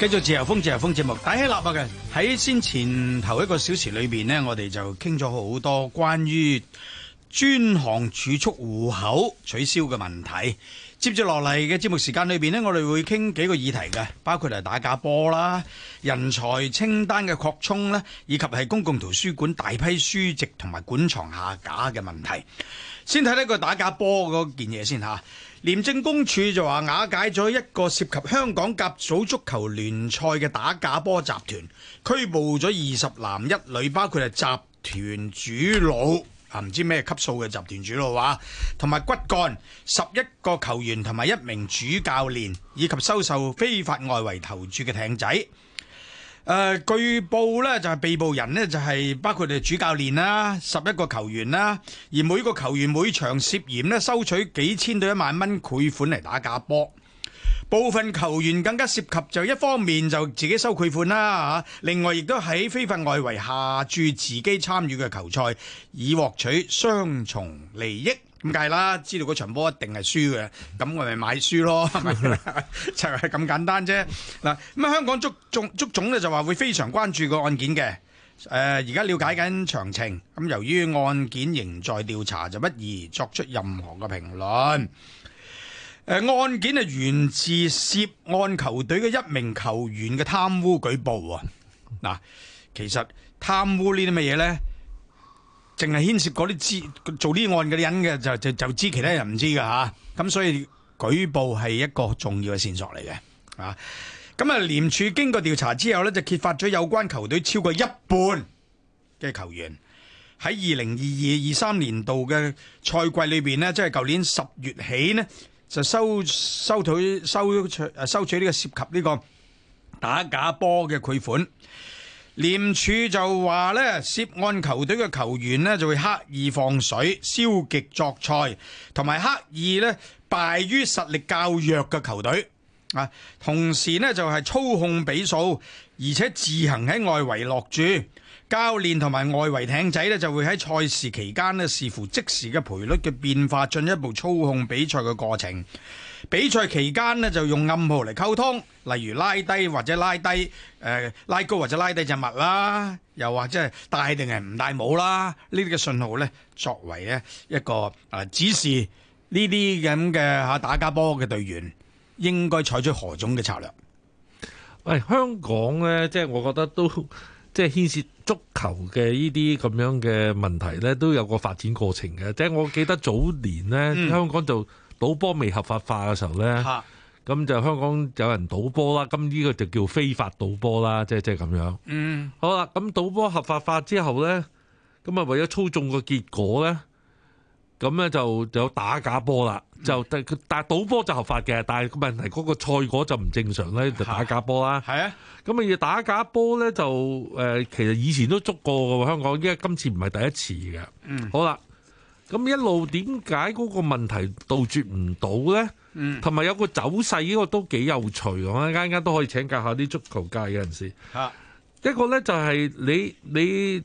繼續自由風自由風節目。打起喇叭嘅喺先前頭一個小時裏邊呢，我哋就傾咗好多關於專項儲蓄戶口取消嘅問題。接住落嚟嘅節目時間裏邊呢，我哋會傾幾個議題嘅，包括係打假波啦、人才清單嘅擴充咧，以及係公共圖書館大批書籍同埋館藏下架嘅問題。先睇呢個打假波嗰件嘢先吓。廉政公署就話瓦解咗一個涉及香港甲組足球聯賽嘅打假波集團，拘捕咗二十男一女，包括係集團主腦啊，唔知咩級數嘅集團主腦話，啊，同埋骨幹十一個球員，同埋一名主教練，以及收受非法外圍投注嘅艇仔。誒、呃、據報呢，就係、是、被捕人呢，就係、是、包括哋主教練啦，十一個球員啦，而每個球員每場涉嫌呢，收取幾千到一萬蚊賄款嚟打假波。部分球員更加涉及就一方面就自己收賄款啦吓，另外亦都喺非法外圍下注自己參與嘅球賽，以獲取雙重利益。咁梗係啦，知道嗰場波一定係輸嘅，咁我咪買輸咯， 就係咁簡單啫。嗱，咁啊香港足總足總呢就話會非常關注個案件嘅，誒而家了解緊詳情，咁由於案件仍在調查，就不宜作出任何嘅評論。誒，案件係源自涉案球隊嘅一名球員嘅貪污舉報嗱，其實貪污呢啲乜嘢呢？淨係牽涉嗰啲知做呢案嘅人嘅，就就就知，其他人唔知噶吓。咁所以舉報係一個重要嘅線索嚟嘅啊！咁啊，廉署經過調查之後呢，就揭發咗有關球隊超過一半嘅球員喺二零二二二三年度嘅賽季裏邊呢，即係舊年十月起咧。就收收取收取誒收取呢個涉及呢個打假波嘅賄款，廉署就話呢涉案球隊嘅球員呢就會刻意放水、消極作賽，同埋刻意呢敗於實力較弱嘅球隊。啊！同時呢就係操控比數，而且自行喺外圍落注。教練同埋外圍艇仔呢就會喺賽事期間呢視乎即時嘅賠率嘅變化，進一步操控比賽嘅過程。比賽期間呢就用暗號嚟溝通，例如拉低或者拉低，誒、呃、拉高或者拉低隻襪啦，又或者係帶定係唔帶帽啦。呢啲嘅信號呢作為呢一個指示，呢啲咁嘅吓打假波嘅隊員。應該採取何種嘅策略？喂，香港咧，即係我覺得都即係牽涉足球嘅呢啲咁樣嘅問題咧，都有個發展過程嘅。即係我記得早年咧，嗯，香港就賭波未合法化嘅時候咧，啊，咁就香港有人賭波啦。咁呢個就叫非法賭波啦，即係即係咁樣。嗯，好啦，咁賭波合法化之後咧，咁啊為咗操縱個結果咧。咁咧就有打假波啦，就但但係賭波就合法嘅，但係問題嗰個賽果就唔正常咧，就打假波啦。係啊，咁啊要打假波咧就誒，其實以前都捉過㗎喎，香港因為今次唔係第一次嘅。嗯，好啦，咁一路點解嗰個問題杜絕唔到咧？嗯，同埋有個走勢呢個都幾有趣，我陣間都可以請教下啲足球界嘅人士。啊，一個咧就係你你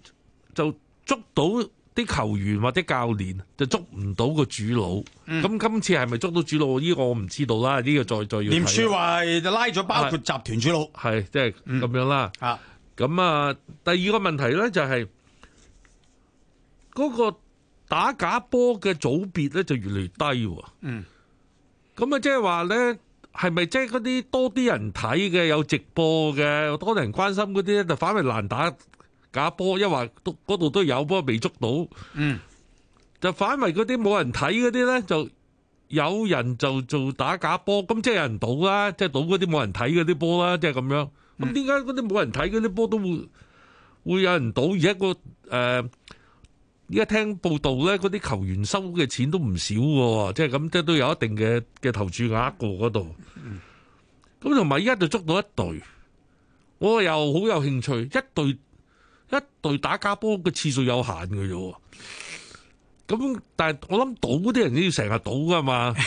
就捉到。啲球員或者教練就捉唔到個主腦，咁、嗯、今次係咪捉到主腦？呢、呢個我唔知道啦，呢、呢個再再要。廉署話就拉咗，包括集團主腦，係即係咁樣啦。啊，咁、就是嗯、啊，第二個問題咧就係、是、嗰、嗰個打假波嘅組別咧就越嚟越低喎。嗯，咁啊，即係話咧，係咪即係嗰啲多啲人睇嘅有直播嘅多啲人關心嗰啲咧，就反而難打？假波因為嗰度都有波未捉到，嗯，就反為嗰啲冇人睇嗰啲咧，就有人就做打假波，咁即係有人賭啦，即係賭嗰啲冇人睇嗰啲波啦，即係咁樣。咁點解嗰啲冇人睇嗰啲波都會會有人賭？而家、那個誒，而、呃、家聽報道咧，嗰啲球員收嘅錢都唔少嘅，就是，即係咁，即係都有一定嘅嘅投注額過嗰度。咁同埋而家就捉到一隊，我又好有興趣一隊。一隊打假波嘅次數有限嘅啫，咁但係我諗賭嗰啲人都要成日賭噶嘛。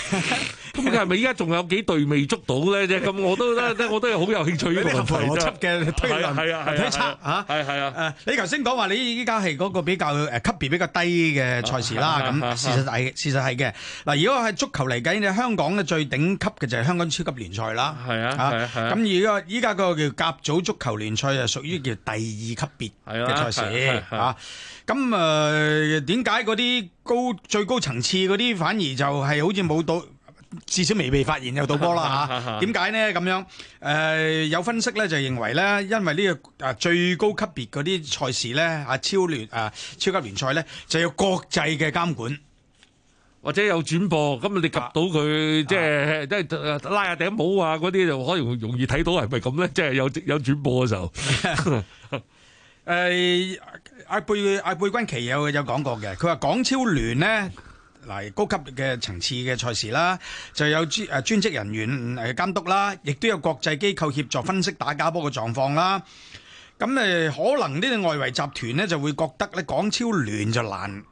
咁係咪依家仲有幾隊未捉到咧？啫，咁我都咧，我都係好有，有興趣嗰啲合乎邏輯嘅推論、啊啊啊、推測嚇。係係啊，啊，啊，啊，啊，你頭先講話你依家係嗰個比較誒級別比較低嘅賽事啦。咁、啊啊、事實係、啊啊，事實係嘅。嗱，如果係足球嚟計，你香港咧最頂級嘅就係香港超級聯賽啦。係啊，咁、啊啊啊啊、而個依家個叫甲組足球聯賽就屬於叫第二級別嘅賽事嚇。咁誒點解嗰啲高最高層次嗰啲反而就係好似冇到？至少未被發現又賭波啦嚇，點解咧咁樣？誒有分析咧就認為咧，因為呢個誒最高級別嗰啲賽事咧，啊超聯誒超級聯賽咧，就有國際嘅監管，或者有轉播，咁你及到佢，即係即係拉下頂帽啊嗰啲，就可能容易睇到係咪咁咧？即係有有轉播嘅時候，誒阿貝阿貝君奇有有講過嘅，佢話港超聯咧。嗱，高級嘅層次嘅賽事啦，就有專誒專職人員誒監督啦，亦都有國際機構協助分析打假波嘅狀況啦。咁誒，可能呢啲外圍集團咧就會覺得咧，港超聯就難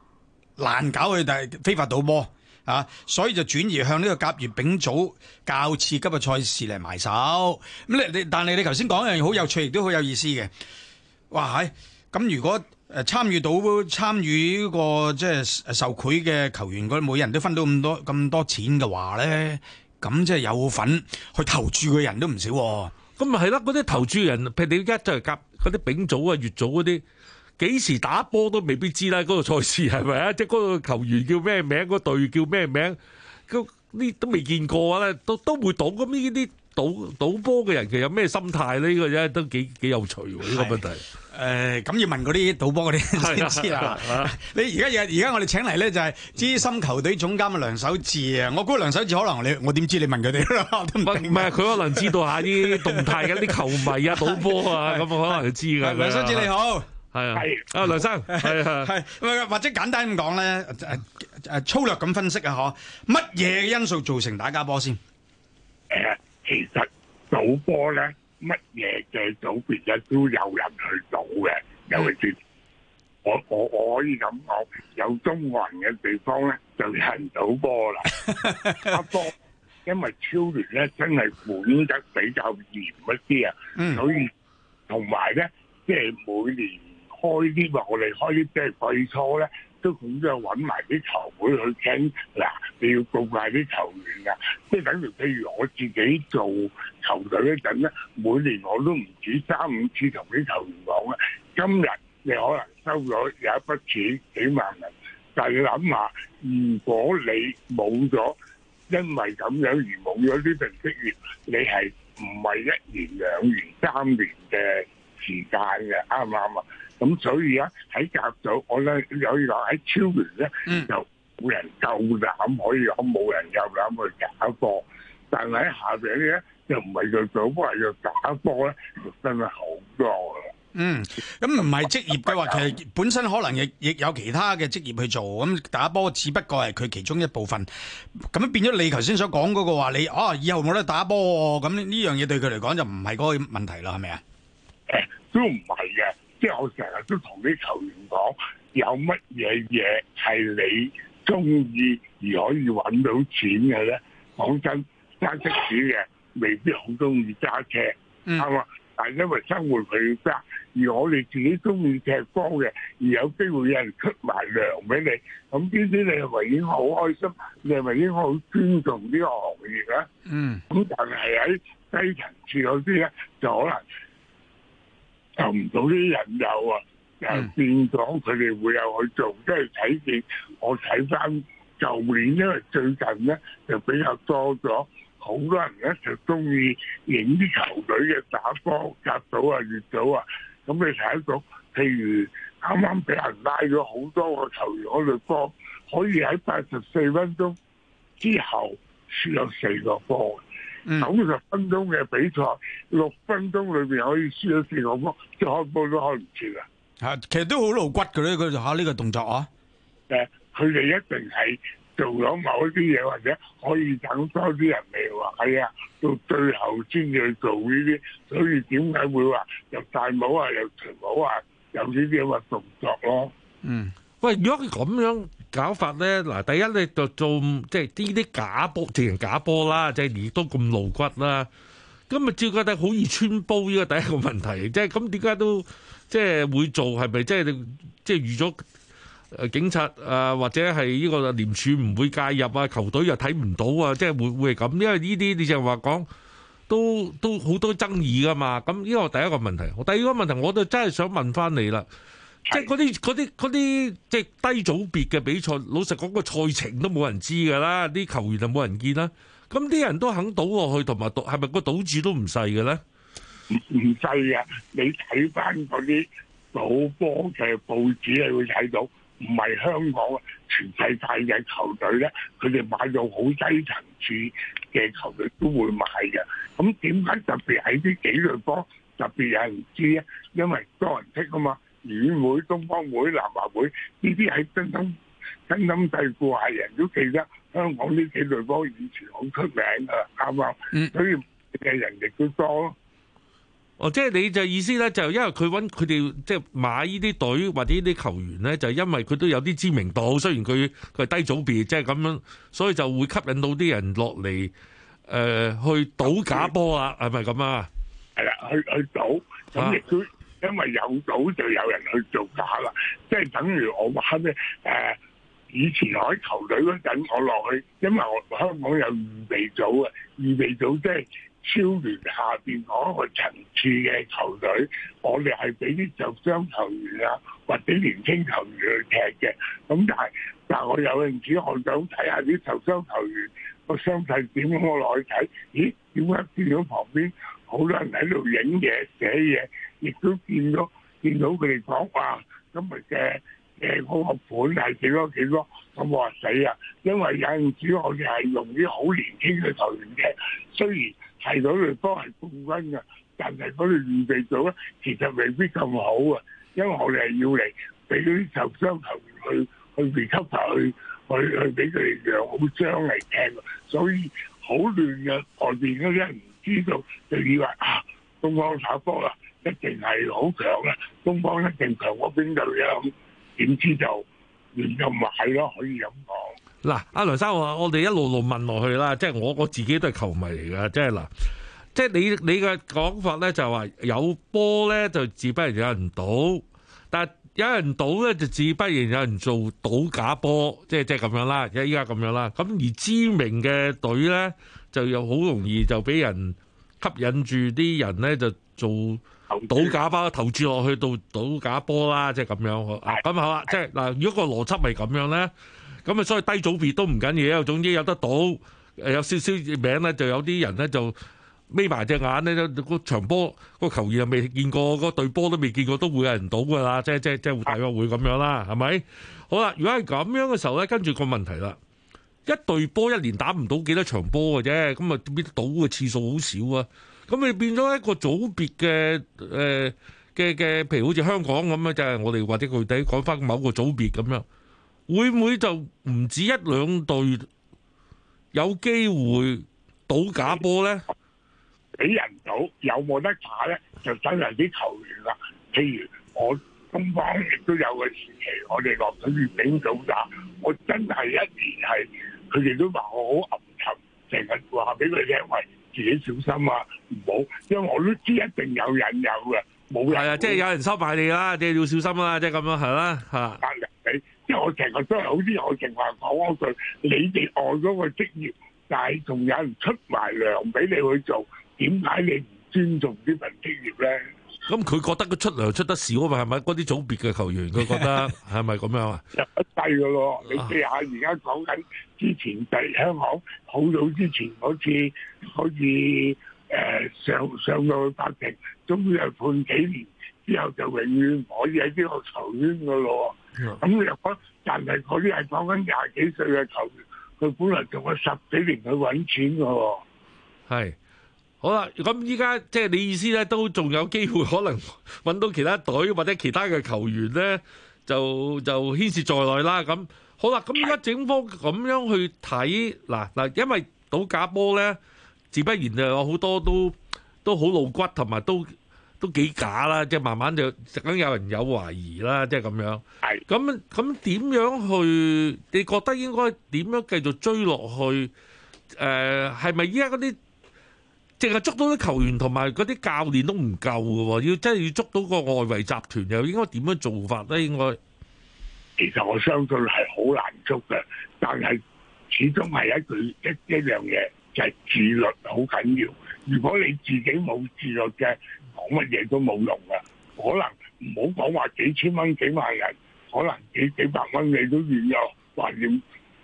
難搞佢，但係非法賭波啊，所以就轉移向呢個甲乙丙組較次級嘅賽事嚟埋手。咁你你，但係你頭先講一樣嘢好有趣，亦都好有意思嘅。哇，咁如果～誒，參與到參與呢個即係受賄嘅球員，佢每人都分到咁多咁多錢嘅話咧，咁即係有份去投注嘅人都唔少，啊。咁咪係啦，嗰啲投注人，譬如你而家即係夾嗰啲丙組啊、乙組嗰啲，幾時打波都未必知啦。嗰、嗰個賽事係咪啊？即係嗰個球員叫咩名，嗰個隊叫咩名，咁呢都未見過啦、嗯，都都會會懂咁呢啲。賭賭波嘅人其實有咩心態咧？呢個啫都幾幾有趣喎！呢個問題。誒，咁要問嗰啲賭波嗰啲先知啦。你而家而家我哋請嚟咧就係資深球隊總監嘅梁守志啊。我估梁守志可能你我點知你問佢哋啦？都唔定。唔係，佢可能知道下啲動態嘅，啲球迷啊，賭波啊，咁可能知噶。梁守志你好。係啊。係。啊，梁生。係係。係。或者簡單咁講咧，粗略咁分析啊，嗬，乜嘢因素造成打假波先？賭波呢，乜嘢嘅，組別都有人去賭嘅，尤其是我，我，我可以咁講，有中國人嘅地方呢，就有人賭波啦。 都咁即係揾埋啲球會去傾，嗱，你要告晒啲球員呀，即係等於譬如我自己做球隊嗰陣咧，每年我都唔止三五次同啲球員講呀。今日你可能收咗有一筆錢幾萬蚊，但係你諗下，如果你冇咗，因為咁樣而冇咗呢份職業，你係唔係一年、兩年、三年嘅時間嘅？啱唔啱啊？咁、嗯、所以啊喺甲組，我咧有嘢話喺超聯咧就冇人夠膽可以冇人夠膽去打波，但係喺下邊呢，咧又唔係佢打波，係就打波咧，真係好多嘅。嗯，咁唔係職業計劃，其實本身可能亦亦有其他嘅職業去做，咁打波只不過係佢其中一部分。咁變咗你頭先所講嗰個話，你啊以後冇得打波、哦，咁呢樣樣嘢對佢嚟講就唔係嗰個問題啦，係咪啊？誒，都唔係嘅。即係我成日都同啲球員講，有乜嘢嘢係你中意而可以揾到錢嘅咧？講真，揸的士嘅未必好中意揸車，係、嗯、嘛？但係因為生活佢要揸，而我哋自己中意踢波嘅，而有機會有人出埋糧俾你，咁呢啲你係咪已經好開心？你係咪已經好尊重呢個行業咧？嗯，咁但係喺低層次嗰啲咧，就可能。就唔到啲人有啊，又變咗佢哋會有去做，即係睇見我睇翻舊年，因為最近咧就比較多咗，好多人咧就中意影啲球隊嘅打波，甲組啊、乙組啊，咁你睇到譬如啱啱俾人拉咗好多個球員喺度幫，可以喺八十四分鐘之後輸咗四個波。嗯，九十分鐘嘅比賽，六分鐘裏邊可以輸咗四個波，我開波都開唔住啊！係，其實都好露骨嘅呢，佢就吓呢個動作啊！誒、呃，佢哋一定係做咗某一啲嘢，或者可以等多啲人嚟喎。係啊，到最後先至去做呢啲，所以點解會話有大帽啊，有長帽啊，有呢啲咁嘅動作咯？嗯，喂，如果佢咁樣。搞法咧，嗱，第一咧，就做即係啲啲假波，直情假波啦，即係亦都咁露骨啦。咁啊，照覺得好易穿煲呢，呢個第一個問題，即係咁點解都即係會做？係咪即係即係預咗警察啊，或者係呢個廉署唔會介入啊？球隊又睇唔到啊？即係會會係咁？因為呢啲你就係話講，都都好多爭議㗎嘛。咁呢個第一個問題，第二個問題，我就真係想問翻你啦。即係嗰啲啲啲即係低組別嘅比賽，老實講個賽程都冇人知噶啦，啲球員就冇人見啦。咁啲人都肯倒落去，同埋讀係咪個賭注都唔細嘅咧？唔唔細噶，你睇翻嗰啲賭波嘅報紙你會睇到，唔係香港，全世界嘅球隊咧，佢哋買到好低層次嘅球隊都會買嘅。咁點解特別喺啲幾隊波特別有人知咧？因為多人踢啊嘛。羽會、東方會、南華會呢啲喺真心、真心替故係人都記得香港呢幾隊波以前好出名啊，啱唔啱？所以嘅人亦都多咯。哦，即係你就意思咧，就因為佢揾佢哋即係買呢啲隊或者呢啲球員咧，就因為佢都有啲知名度，雖然佢佢係低組別，即係咁樣，所以就會吸引到啲人落嚟，誒去賭假波啊？係咪咁啊？係啦，去去賭咁亦都。因為有賭就有人去做假啦，即係等於我咩？誒，以前我喺球隊嗰陣，我落去，因為我香港有預備組嘅，預備組即係超聯下邊嗰個層次嘅球隊，我哋係俾啲受傷球員啊，或者年輕球員去踢嘅。咁但係，嗱、那個，我有興趣，我想睇下啲受傷球員個傷勢點，我落去睇，咦，點解見到旁邊好多人喺度影嘢、寫嘢？亦都見到，見到佢哋講話，今日嘅嗰、呃那個，盤係幾多幾多，咁我話死啊！因為引援主我哋係用啲好年輕嘅球員嘅，雖然係嗰度都係冠軍嘅，但係佢哋預備咗，咧其實未必咁好啊，因為我哋係要嚟俾啲受傷球員去去被吸 c 去去去俾佢養好傷嚟踢，所以好亂嘅，外邊嗰啲人唔知道就以為啊，東方打波啦、啊。一定係好強㗎。東方一定強嗰邊就樣，點知就亂咁話係咯，可以咁講。嗱、啊，阿梁生，我我哋一路路問落去啦，即係我我自己都係球迷嚟噶，即係嗱，即係你你嘅講法咧，就話有波咧就自不然有人賭，但係有人賭咧就自不然有人做賭假波，即係即係咁樣啦，依家咁樣啦。咁而知名嘅隊咧，就又好容易就俾人吸引住啲人咧，就做。賭假包投注落去到賭假波啦，即係咁樣啊！咁好啦，即係嗱，如果個邏輯咪咁樣咧，咁啊，所以低組別都唔緊要，總之有得賭，誒，有少少名咧，就有啲人咧就眯埋隻眼咧，嗰場波個球員又未見過，個對波都未見過，都會有人賭噶啦，即係即係即係，大約會咁樣啦，係咪？好啦，如果係咁樣嘅時候咧，跟住個問題啦，一隊波一年打唔到幾多場波嘅啫，咁啊，啲賭嘅次數好少啊。咁你變咗一個組別嘅誒嘅嘅，譬如好似香港咁啊，就係我哋或者佢哋講翻某個組別咁樣，會唔會就唔止一兩隊有機會賭假波咧？俾人賭有冇得打咧？就真係啲球員啦，啊，譬如我東方亦都有個時期，我哋落咗月餅組打，我真係一年係，佢哋都話我好暗沉，成日話俾佢聽喂。自己小心啊，唔好，因為我都知一定有人有嘅，冇人有啊，即係有人收埋你啦，即係要小心啊，即係咁樣係啦，嚇壓力俾，即係我成日都係好之有情話講嗰句，你哋愛嗰個職業，但係仲有人出埋糧俾你去做，點解你唔尊重呢份職業咧？咁佢覺得佢出糧出得少啊嘛，係咪？嗰啲組別嘅球員，佢覺得係咪咁樣啊？又低嘅咯，你試下而家講緊之前喺香港好早之前好似，好似誒上上到法庭，終於判幾年之後就永遠唔可以喺呢個球圈嘅咯。咁若果，但係嗰啲係講緊廿幾歲嘅球員，佢本來做咗十幾年去揾錢嘅喎。係。 好啦，咁依家即係你意思咧，都仲有機會可能揾到其他隊或者其他嘅球員咧，就就牽涉在內啦。咁好啦，咁依家警方咁樣去睇嗱嗱，因為打假波咧，自不然就有好多都都好露骨同埋都都幾假啦，即係慢慢就實梗有人有懷疑啦，即係咁樣。係咁咁點樣去？你覺得應該點樣繼續追落去？誒係咪依家嗰啲？淨係捉到啲球員同埋嗰啲教練都唔夠嘅，要真係要捉到個外圍集團又應該點樣做法咧？應該，其實我相信係好難捉嘅，但係始終係一句一一樣嘢就係、是、自律好緊要。如果你自己冇自律嘅，講乜嘢都冇用嘅。可能唔好講話幾千蚊幾萬人，可能幾幾百蚊你都軟弱，或者。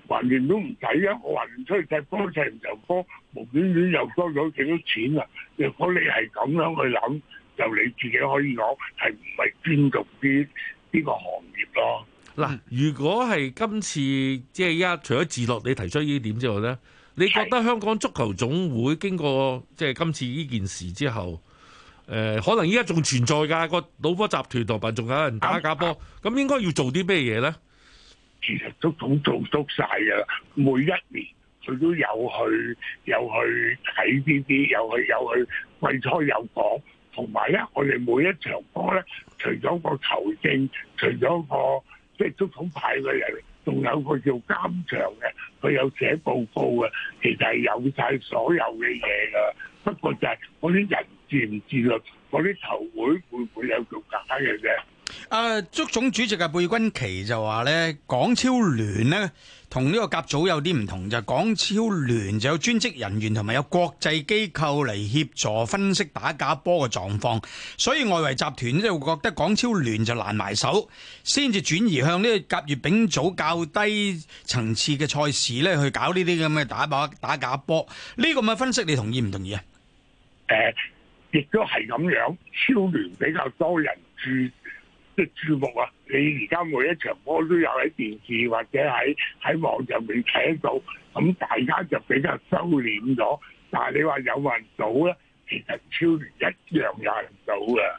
還原都唔使啊！我還原出去踢波，踢完就波，無端端又多咗幾多錢啊！如果你係咁樣去諗，就你自己可以攞，係唔係尊重啲呢個行業咯？嗱、嗯，如果係今次即係依家除咗自樂，你提出呢啲點之外咧，你覺得香港足球總會經過即係今次呢件事之後，誒、呃、可能依家仲存在㗎個老波集團度，同埋仲有人打假波，咁、啊、應該要做啲咩嘢咧？其實足總都做足晒嘅，每一年佢都有去有去睇呢啲，有去看一些有去季初有，有，有講，同埋咧我哋每一場波咧，除咗個球證，除咗個即係足總派嘅人，仲有個叫監場嘅，佢有寫報告嘅，其實係有晒所有嘅嘢噶，不過就係嗰啲人自唔自律？嗰啲球會會唔會有做假嘅啫？啊，足總主席嘅貝君奇就話咧，港超聯呢同呢個甲組有啲唔同，就係，港超聯就有專職人員同埋有國際機構嚟協助分析打假波嘅狀況，所以外圍集團咧就覺得港超聯就難埋手，先至轉移向呢個甲乙丙組較低層次嘅賽事咧去搞呢啲咁嘅打把打假波，呢、這個咁嘅分析你同意唔同意啊？誒，亦都係咁樣，超聯比較多人注。即係注目啊！你而家每一場波都有喺電視或者喺喺網上面睇到，咁大家就比較收斂咗。但係你話有人賭咧，其實超聯一樣有人賭嘅。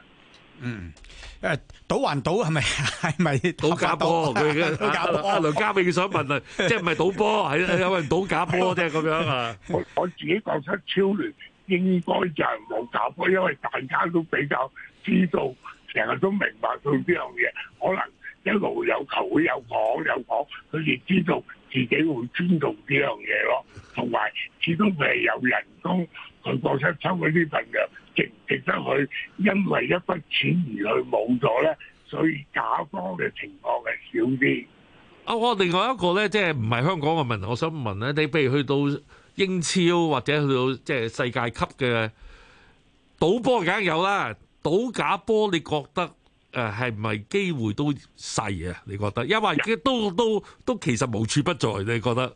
嗯，誒，賭還賭係咪係咪賭假波？佢阿梁家明想問啊，即係唔係賭波？係係咪賭假波啫？咁樣啊？ 這樣 我自己覺得超聯應該就係冇假波，因為大家都比較知道。成日都明白佢呢樣嘢，可能一路有球會有講有講，佢亦知道自己會尊重呢樣嘢咯。同埋，始終佢係有人工，佢講出抽嗰啲份糧，值唔值得去？因為一筆錢而去冇咗咧，所以假波嘅情況係少啲。啊，我另外一個咧，即係唔係香港嘅問題？我想問咧，你譬如去到英超或者去到即係世界級嘅賭波，梗係有啦。倒假波，你覺得誒係唔係機會都細啊？你覺得，因為都都都其實無處不在，你覺得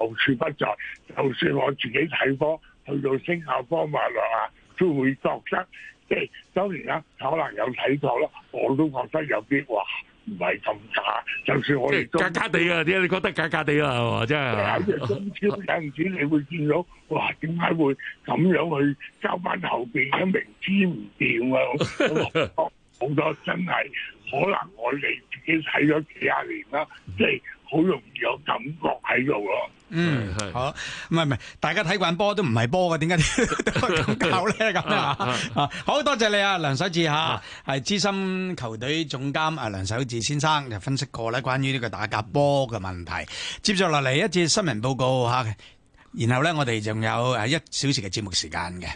無處不在。就算我自己睇波，去到星下波馬浪啊，都會覺得即係當然啦，可能有睇過咯。我都覺得有啲話。唔係咁渣，就算我哋假假地啊，點解你覺得假假地啊，係嘛？即係喺啲中超間唔止，你會見到哇？點解會咁樣去交翻後邊咧？明知唔掂啊，好 多，多真係，可能我哋自己睇咗幾廿年啦，即係。好容易有感覺喺度咯，嗯，係好，唔係唔係，大家睇慣波都唔係波嘅，點解都咁搞咧咁啊？好多謝你啊，梁守志哈，係資深球隊總監啊，梁守志先生就分析過咧關於呢個打假波嘅問題。接住落嚟一節新聞報告嚇，然後咧我哋仲有誒一小時嘅節目時間嘅。